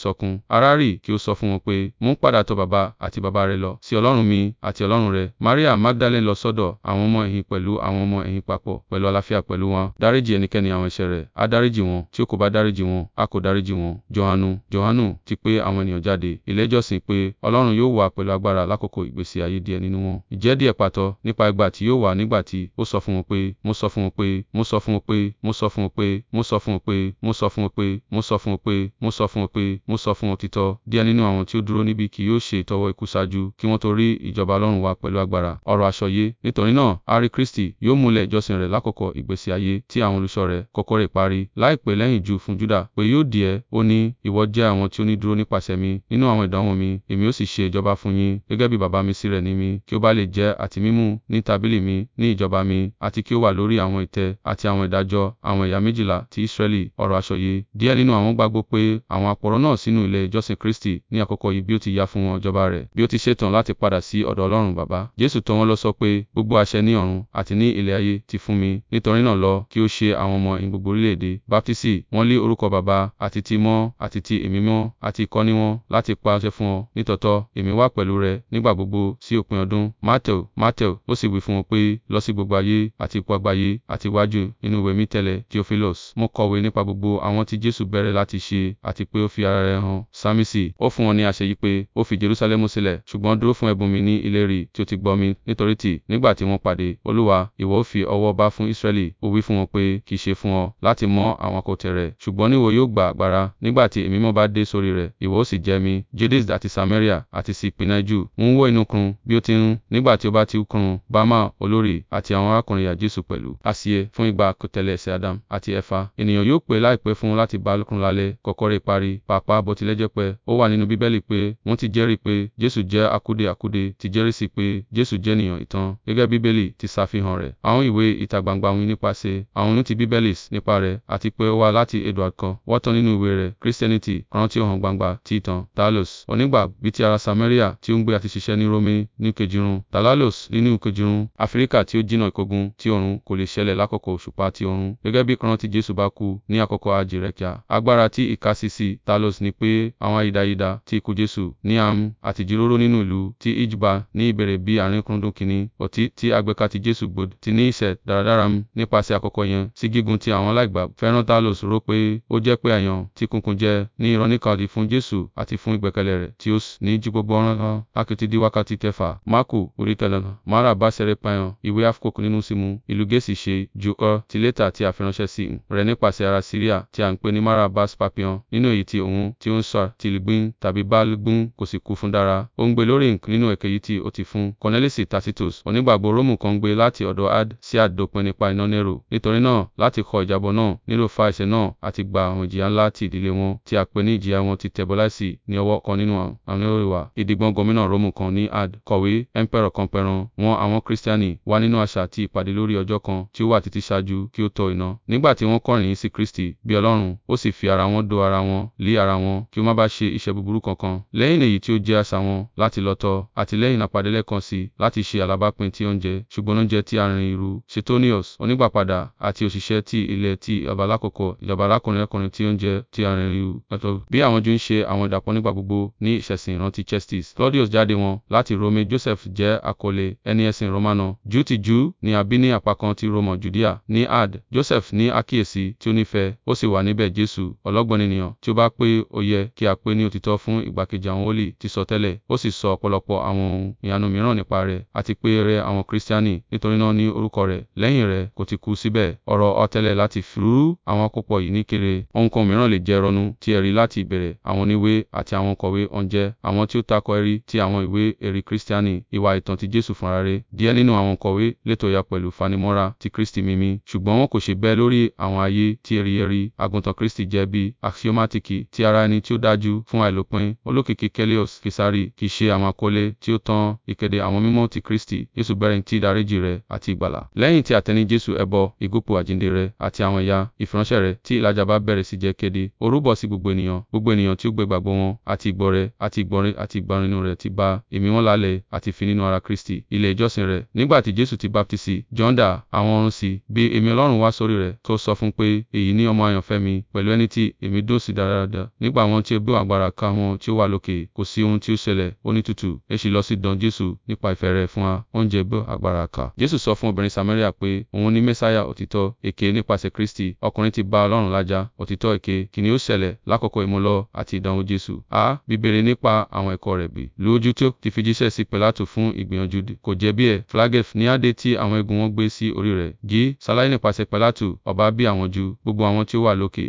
Speaker 1: kí ó sọ fún wọn pé mú padà tọ̀ bàbá àti bàbá rẹ̀ lọ sí Ọlọ́run mi mi àti Ọlọ́run rẹ̀. Maria Magdalene lọ sọ́dọ̀ àwọn ọmọ ẹ̀yìn pẹ̀lú àwọn ọmọ ẹ̀yìn papọ̀ pẹ̀lú àlàáfíà pẹ̀lú wọn. Dáríjì ẹnikẹ́ni àwọn ẹ̀ṣẹ̀ rẹ̀, á dáríjì wọn, tí ó kò bá dáríjì wọn, a kò dáríjì wọn. Johanu, Johanu ti pé àwọn ènìyàn jáde, ilé ìjọsìn pé Ọlọ́run yóò wà pẹ̀lú agbára lákòókò ìgbésí ayé díẹ̀ nínú wọn. Ìjẹ́ díẹ̀ pàtó nípa ìgbà tí yóò wà nígbà tí ó sọ fún wọn pé, mo sọ fún wọn pé, mo sọ fún wọn pé, mo sọ fún wọn pé, mo sọ fún wọn pé, mo sọ fún wọn pé, mo sọ fún wọn pé, mo sọ fún wọn pé, mo sọ fún wọn títọ́. Díẹ̀ nínú àwọn tí ó dúró níbí kì yóò ṣe ìtọ́wò ikú ṣáájú kí wọ́n tó rí ìjọba Ọlọ́run wá pẹ̀lú agbára ọ̀rọ̀ àsọyé. Nítorí náà, a rí Kristi yóò múlẹ̀ ìjọsìn rẹ̀ lákòókò ìgbésí ayé tí àwọn olùṣọ́ rẹ̀ kọ́kọ́ rẹ̀ parí láìpẹ́ lẹ́yìn jù fún Júdà pé yóò di ẹ́. Ó ní, ìwọ jẹ́ àwọn tí ó ní dúró nípasẹ̀ mi nínú àwọn ìdánwò mi, èmi ó sì ṣe ìjọba fún yín gẹ́gẹ́ bí Baba mi sí rẹ̀ ní mi, kí ó bá lè jẹ àti mímu ní tábìlì mi ní ìjọba mi àti kí ó wà lórí àwọn ìtẹ́ àti àwọn ìdájọ́ àwọn ẹ̀yà méjìlá ti Israẹli. Ọ̀rọ̀ àsọyé. Díẹ̀ nínú àwọn gbàgbọ́ pé àwọn àpòrọ́ náà sínú ilé ìjọsìn Kristi ní àkókò yìí bí ó ti yá fún wọn ìjọba rẹ̀, bí ó ti ṣetán láti padà sí sí ọ̀dọ̀ Ọlọ́run Bàbá. Jésù tọ́ wọn lọ sọ pé, gbogbo àṣẹ ní ọ̀run àti ní ilẹ̀ ayé ti fún mi. Nítorí náà lọ kí ó ṣe àwọn ọmọ in gbogbo orílẹ̀-èdè. Báptísì, wọ́n lé orúkọ Bàbá àti ti Mọ́ àti ti Ẹ̀mí Mọ́ àti ìkọ́ni wọn láti pàṣẹ fún ọ. Nítòótọ́, èmi wà pẹ̀lú rẹ nígbà gbogbo sí òpin ọdún. Mátẹ̀ò, Mátẹ̀ò, ó sì wí fún wọn pé, lọ sí gbogbo ayé àti ipò àgbáyé àti iwájú nínú ìwé mi tẹ́lẹ̀, Theophilus. Mo kọ̀wé nípa gbogbo àwọn tí Jésù bẹ̀rẹ̀ láti ṣe àti pé ó fi ara rẹ̀ hàn. Sámísì, ó fún wọn ní àṣẹ yìí pé, ó fi Jerúsálẹ́mù sílẹ̀, ṣùgbọ́n dúró fún ẹ̀bùn mi ní ìlérí tí ó ti gbọ́ mi, nítorí tí, nígbà tí wọ́n pàdé, Olúwa, ìwọ ó fi ọwọ́ ọba fún Israẹli, ó wí fún wọn pé, kì í ṣe fún ọ, láti mọ àwọn àkọ̀tẹ̀ rẹ̀, ṣùgbọ́n níwọ yóò gba agbára, nígbà tí Ẹ̀mí Mímọ́ bá dé sórí rẹ̀, ìwọ ó sì jẹ mi, Judea àti Samaria, àti sí ìpínlẹ̀ Júù, ń wọ́ inú kun, bí ó ti ń, nígbà tí ó bá ti kun, Bama, olórí, àti àwọn arákùnrin ìyá Jésù pẹ̀lú, àsìyẹ, fún ìgbà àkọ̀tẹ̀lẹ̀ ẹsẹ̀ Adam, àti ẹ̀fà, ènìyàn yóò pè láìpẹ́ fún láti bá lókun lálẹ́, kọ́kọ́rẹ́ ìparí, pàápàá bó tilẹ̀ jẹ́ pé, ó wà nínú Bíbélì pé, wọ́n ti jẹ́rìí pé, Jésù jẹ́ àkúdèàkúdè, ti jẹ́rìísí pé Jesu jẹ́ ènìyàn ìtàn, gẹ́gẹ́ Bíbélì ti ṣàfihàn rẹ̀. Àwọn ìwé ìta gbangba wí nípasẹ̀ àwọn ìwé ti Bíbélì nípa rẹ̀, àti pé ó wá láti Edward kan. Wọ́n tán nínú ìwé rẹ̀ Kristianity, ọ̀ràn tí ó hàn gbangba ti ìtàn. Talos, onígbà bí ti ará Samaria tí ó ń gbé àti ṣiṣẹ́ ní Rome ní kejìrún. Talalos nínú kejìrún, Afíríkà tí ó jìnnà ìkógun ti ọ̀run kò lè ṣẹlẹ̀ lákòókò òṣùpá ti ọ̀run, gẹ́gẹ́ bí ìkànnà tí Jesu bá kú ní àkókò àjìrẹ́kíá. Agbára tí ìkásísí Talos ni pé àwọn àyídáyidà ti ikú Jesu ní àmì àti nínú ìlú ti Ijba ọba ní ìbẹ̀rẹ̀ bí àríkúndùn kìíní, ọtí tí àgbékà ti Jésù gbòd ti ní ìṣe dáradára mu nípasẹ̀ àkọ́kọ́ yẹn sí gígùn tí àwọn aláìgbà fẹ́ràn Taulus rò pé ó jẹ́ pé àyàn tí kúnkún jẹ́ ní ìrọ́nìkàdì fún Jésù àti fún ìgbẹ́kẹ̀lé rẹ̀ tí ó ní ju gbogbo ọ̀ràn lọ. Akitì di wákàtí kẹfà, Máàkù orí kẹlẹ́nà, Mara bá sẹ̀rẹ̀ payan, ìwé àfikòkò nínú símu, ìlú Gẹ̀ẹ́sì ṣe ju ọ ti lẹ́tà tí a fi ránṣẹ́ sí rẹ̀ nípasẹ̀ ara syria tí à ń pè ní Mara bá Spapion, nínú èyí tí òun tí ó ń sọ ti lùgbìn tàbí bá lùgbìn kò sì kú fún dára, ó ń gbé lórí nǹkan èyí tí ó ti fún Cornelius Tacitus onígbàgbọ́ Rómù kan gbé láti ọ̀dọ̀ Ad sí àdópin nípa iná Nero. Nítorí náà, láti kọ ìjábọ̀ náà, Nero fa ẹ̀ṣẹ̀ náà àti gba àwọn ìjìyà ńlá ti ìdílé wọn tí a pè ní ìjìyà wọn ti Tẹ̀bọ́láìsì ní ọwọ́ kan nínú àwọn ìwà. Ìdìgbọ́n gómìnà Rómù kan ní Ad kọ̀wé ẹ̀ńpẹ̀rọ̀ kan pẹran wọn àwọn Kírísítíánì wà nínú àṣà àti ìpàdé lórí ọjọ́ kan tí ó wà títí ṣáájú kí ó tọ iná. Nígbà tí wọ́n kọ̀yìn sí Kristi bí Ọlọ́run, ó sì fi ara wọn do ara wọn, lé ara wọn, kí ó má bá ṣe iṣẹ́ búburú kankan. Lẹ́yìn èyí tí ó jẹ́ àṣà wọn láti lọ àti àtìlẹ́yìn àpàdé lẹ́ẹ̀kan sí láti ṣe alábápín ti oúnjẹ, ṣùgbọ́n oúnjẹ tí arìnrìn irú, Suetonius, onígbàpadà, àti òṣìṣẹ́ ti ilẹ̀ ti ìjọba alákọ̀ọ́kọ́, ìjọba alákùnrinlẹ́kùnrin ti oúnjẹ ti arìnrìn irú, pẹ̀tọ́. Bí àwọn Júù ń ṣe àwọn ìdàpọ̀ nígbà gbogbo ní ìṣẹ̀sìn ìrántí Chestis, Claudius jáde wọn láti Rome, Joseph jẹ́ àkọlé ẹni ẹ̀sìn Romano. Júù ti Júù ni a bí ní apá kan ti Roma, Judea, ní Ad. Joseph ní àkíyèsí tí ó nífẹ̀ẹ́, ó sì wà níbẹ̀ Jésù, ọlọ́gbọ́n ènìyàn, tí ó bá pé ó yẹ kí a pé ní òtítọ́ fún ìgbàkejì àwọn wòlíì ti sọtẹ́lẹ̀, ó sì sọ ọ̀pọ̀lọpọ̀ àwọn ohun ìyanu mìíràn nípa rẹ̀, àti pé rẹ àwọn Kristiani, nítorí náà ní orúkọ rẹ̀ lẹ́yìn rẹ̀ kò ti kú síbẹ̀. Ọ̀rọ̀ ọ̀tẹlẹ̀ láti rú àwọn àkópọ̀ yìí ní kéré. Ohunkóhun mìíràn lè jẹ́ ìrunú ti ẹ̀rí láti ìbẹ̀rẹ̀. Àwọn oníwè àti àwọn òǹkọ̀wé oúnjẹ, àwọn tí ó tako ẹ̀rí ti àwọn ìwé ẹ̀rí Kristiani, ìwà ìtàn ti Jesu fúnra rẹ̀. Díẹ̀ nínú àwọn òǹkọ̀wé lè tòòyà pẹ̀lú fanimọ́ra ti Kristi mímí, ṣùgbọ́n wọn kò ṣe bẹ́ẹ̀ lórí àwọn ààyè tí ẹ̀rí ẹ̀rí àgùntàn Kristi jẹ́ bí axiomatic ti ara ẹni tí ó dájú fún àìlópin. Olókìkí Kellios Kesari kì í ṣe àwọn àkọlé tí ó tán, ìkéde àwọn mímọ́ ti Kristi, Jésù gbẹ̀rìntì ìdáríjì rẹ̀ àti ìgbàlà. Lẹ́yìn tí àtẹni Jésù ẹbọ, ìgúpò àjíǹde rẹ̀ àti àwọn ẹ̀yà, ìfiránṣẹ́ rẹ̀ tí ìlàjà bá bẹ̀rẹ̀ sí jẹ́ kéde, ó rúbọ sí gbogbo ènìyàn, gbogbo ènìyàn tí ó gbé ìgbàgbọ́ wọn, àti ìgbọ́ rẹ̀, àti ìgbọ́rin àti ìgbaninu rẹ̀ ti ba ẹ̀mí wọn lálẹ̀ àti fi nínú ara Kristi, ilé ìjọsìn rẹ̀. Nígbà tí Jésù ti baptisi, John dà àwọn ọrùn sí, bí ẹ̀mí Ọlọ́run wá sórí rẹ̀, tó sọ fún pé, èyí ni ọmọ àyànfẹ́ mi, pẹ̀lú ẹni tí èmi dùn sí dáradára. Nígbà wọn tí ó gbé agbára ká wọn tí ó wà lókè, kò sí ohun tí ó ṣẹlẹ̀, ó ní tútù, èsì lọ sì dán Jésù nípa ìfẹ́ rẹ̀ fún wa, ó ń jẹ bọ́ agbára kà. Jésù sọ fún obìnrin Samaria pé òun ni Mẹ́sáyà òtítọ́ èké nípasẹ̀ Kristi, ọkùnrin ti bá Ọlọ́run lájà, òtítọ́ èké, kí ni ó ṣẹlẹ̀ lákòókò ìmúlọ àti ìdánwò Jésù. A. Bíbèrè nípa àwọn ẹ̀kọ́ rẹ̀ bì. Lu ojú tó ti fi jíṣẹ́ sí Pilato fún ìgbìyànjú kò jẹ̀bi ẹ̀. Flagef ní adé tí àwọn egun wọn gbé sí orí rẹ̀. G. Sàlàyé nípasẹ̀ Pilato, ọba bí àwọn Júù, gbogbo àwọn tí ó wà lókè.